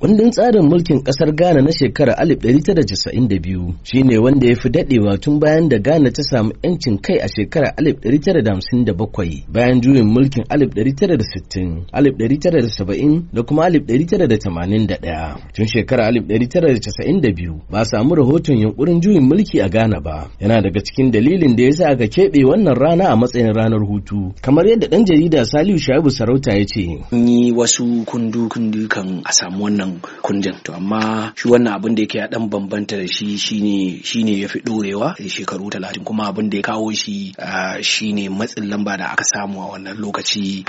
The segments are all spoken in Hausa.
Kundin tsarin mulkin ƙasar Ghana na shekarar 1992 ne wanda ya fi daɗewa tun bayan da Ghana ta samu 'yancin kai a shekarar 1957 bayan juyin mulkin 1960, 1970 da kuma 1981. Tun shekarar 1992 ba samu rahoton yunkurin juyin mulki a Ghana ba. Yana daga cikin dalilin da ya sa aka keɓe wannan rana a matsayin ranar hutu. Kamar yadda ɗan jarida Saliu Shabu Sarauta ya ce. Ni wasu kundu-kundu kan a samu wannan wannan kundin to amma shi wannan abin da yake ya dan bambanta da shi shine shine ya fi dorewa shekaru talatin kuma abin da ya kawo shi shine matsin lamba da aka samu a wannan lokaci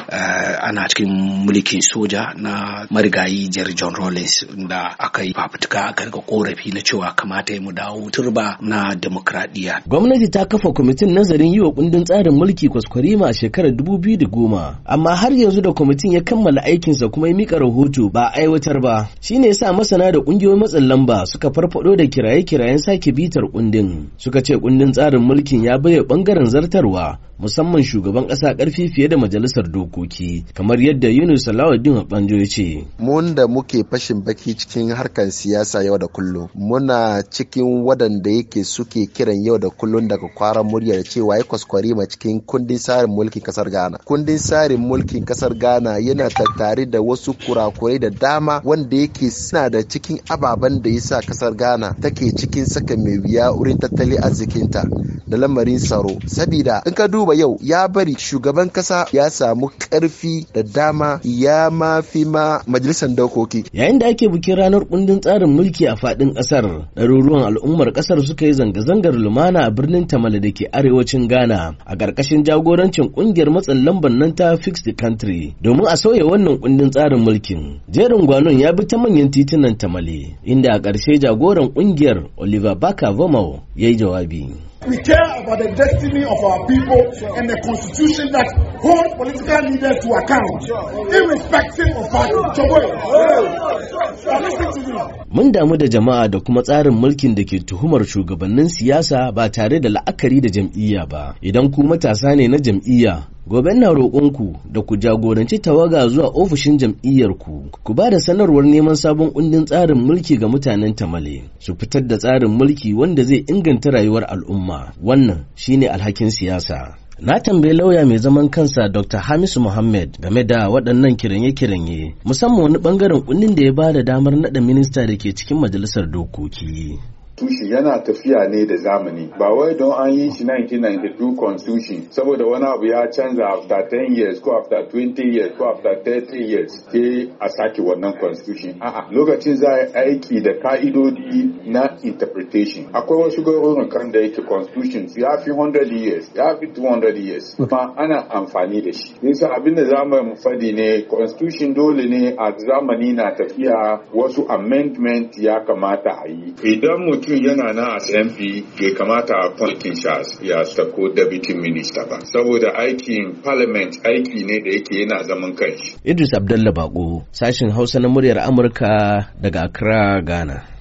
ana cikin mulkin soja na marigayi jar john Rawlings da aka yi fafutuka a karka korafi na cewa kamata ya mu dawo turba na demokradiyya gwamnati ta kafa kwamitin nazarin yi wa kundin tsarin mulki kwaskwarima a shekarar dubu biyu da goma amma har yanzu da kwamitin ya kammala aikinsa kuma ya mika rahoto ba aiwatar ba Shi ne sa masana da ƙungiyoyin matsin lamba suka farfado da kiraye-kirayen sake bitar kundin. Suka ce kundin tsarin mulkin ya baiwa ɓangaren zartarwa musamman shugaban ƙasa ƙarfi fiye da majalisar dokoki kamar yadda Yunus alawadin Banjo ya ce. Mun da muke fashin baki cikin harkar siyasa yau da kullum muna cikin waɗanda yake suke kiran yau da kullum daga kwaran murya da cewa ya kwaskwari ma cikin kundin tsarin mulkin ƙasar Ghana. Kundin tsarin mulkin kasar Ghana yana tattare da wasu kurakurai da dama wanda yake suna da cikin ababen da ya sa ƙasar Ghana take cikin saka mai biya wurin tattalin arzikinta. da lamarin tsaro sabida in ka duba yau ya bari shugaban kasa ya samu karfi da dama ya mafi ma majalisar dokoki yayin da ake bikin ranar kundin tsarin mulki a fadin kasar ɗaruruwan al'ummar kasar suka yi zanga-zangar lumana a birnin tamale da ke arewacin ghana a ƙarƙashin jagorancin ƙungiyar matsin lambar nan ta fix the country domin a sauya wannan kundin tsarin mulkin jerin gwanon ya bi ta manyan titunan tamale inda a ƙarshe jagoran ƙungiyar oliver baka vomau ya yi jawabi We care about the destiny of our people sure. and the constitution that holds political leaders to account, sure. irrespective of party. Mun damu da jama'a da kuma tsarin mulkin da ke tuhumar shugabannin siyasa ba tare da la'akari da jam'iyya ba. Idan ku matasa ne na jam'iyya, gobe na roƙonku da ku jagoranci tawaga zuwa ofishin jam'iyyarku ku ba da sanarwar neman sabon kundin tsarin mulki ga mutanen tamale su fitar da tsarin mulki wanda zai inganta rayuwar al'umma wannan shine alhakin siyasa Na tambayi lauya mai zaman kansa Dr. Hamisu Muhammad game da waɗannan kiranye-kiranye, musamman wani ɓangaren kundin da ya ba da damar naɗa minista da ke cikin majalisar dokoki. Tushi yana tafiya ne da zamani ba wai don an yi shi 1992 Constitution saboda wani abu ya canza after 10 years ko after 20 years ko after 30 years ke a sake wannan Constitution lokacin za a aiki da ka'idodi na interpretation akwai wasu gwamnatin kan da yake Constitution ya fi 100 years ya fi 200 years kuma ana amfani da shi nisa abin da za mu fadi ne Constitution dole ne a zamani na tafiya wasu amendment ya kamata a yi idan mutum mutum yana nan as bai kamata a kwalkin shi ya sako deputy minister ba saboda aikin parliament aiki ne da yake yana zaman kanshi. Idris Abdallah Bako sashin Hausa na muryar Amurka daga Accra, Ghana.